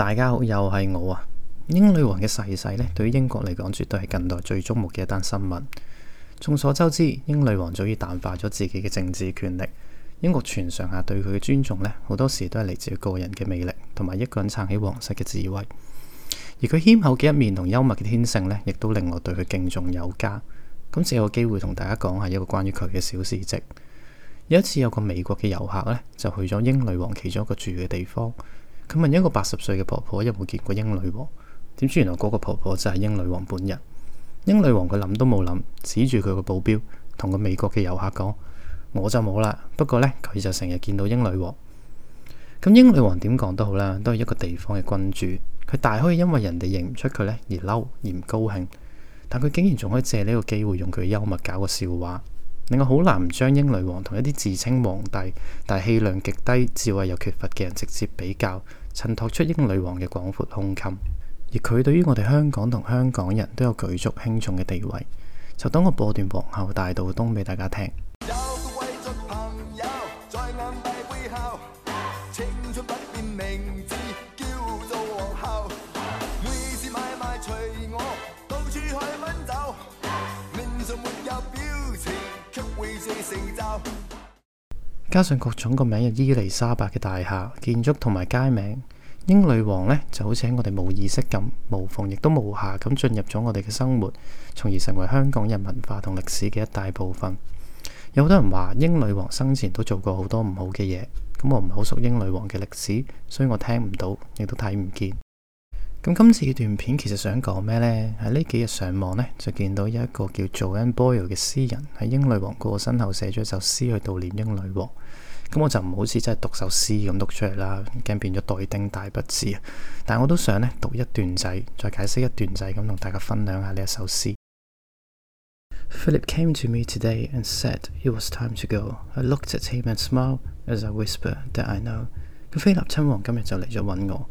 .大家好，又係我啊！英女王嘅逝世呢，對於英國嚟講，絕對係近代最矚目嘅一單新聞。眾所周知，英女王早已淡化咗自己嘅政治權力，英國全上下對佢嘅尊重呢，好多時都係嚟自佢個人嘅魅力，同埋一個人撐起皇室嘅智慧。而佢謙厚嘅一面同幽默嘅天性呢，亦都令我對佢敬重有加。咁，借個機會同大家講下一個關於佢嘅小事跡。有一次，有個美國嘅遊客呢，就去咗英女王其中一個住嘅地方。佢問一個八十歲嘅婆婆有冇見過英女王？點知原來嗰個婆婆就係英女王本人。英女王佢諗都冇諗，指住佢個保鏢同個美國嘅遊客講：我就冇啦。不過呢，佢就成日見到英女王。咁英女王點講都好啦，都係一個地方嘅君主。佢大可以因為人哋認唔出佢呢而嬲而唔高興，但佢竟然仲可以借呢個機會用佢嘅幽默搞個笑話，令我好難唔將英女王同一啲自稱皇帝但係氣量極低、智慧又缺乏嘅人直接比較。襯托出英女王嘅廣闊胸襟，而佢對於我哋香港同香港人都有舉足輕重嘅地位。就等我播段皇后大道東俾大家聽。有加上各種個名有伊麗莎白嘅大廈建築同埋街名，英女王呢就好似喺我哋冇意識咁，無縫亦都無下咁進入咗我哋嘅生活，從而成為香港人文化同歷史嘅一大部分。有好多人話英女王生前都做過好多唔好嘅嘢，咁我唔係好熟英女王嘅歷史，所以我聽唔到，亦都睇唔見。咁今次嘅段片其實想講咩呢？喺呢幾日上網呢，就見到一個叫做 Joanne Boyle 嘅詩人喺英女王過身後寫咗一首詩去悼念英女王。咁我就唔好似真係讀首詩咁讀出嚟啦，驚變咗待定大不字啊！但係我都想呢，讀一段仔，再解釋一段仔，咁同大家分享下呢一首詩。Philip came to me today and said it was time to go. I looked at him and smiled as I whispered that I know。咁菲臘親王今日就嚟咗揾我。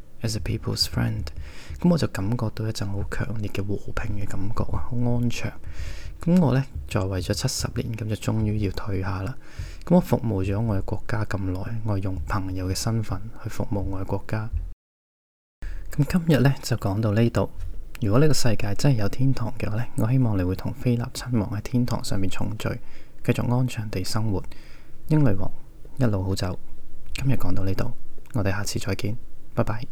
As a people's friend，咁我就感覺到一陣好強烈嘅和平嘅感覺啊，好安詳。咁我呢，在位咗七十年咁，就終於要退下啦。咁我服務咗我嘅國家咁耐，我用朋友嘅身份去服務我嘅國家。咁今日呢，就講到呢度。如果呢個世界真係有天堂嘅話呢，我希望你會同菲臘親王喺天堂上面重聚，繼續安詳地生活。英女王一路好走。今日講到呢度，我哋下次再見，拜拜。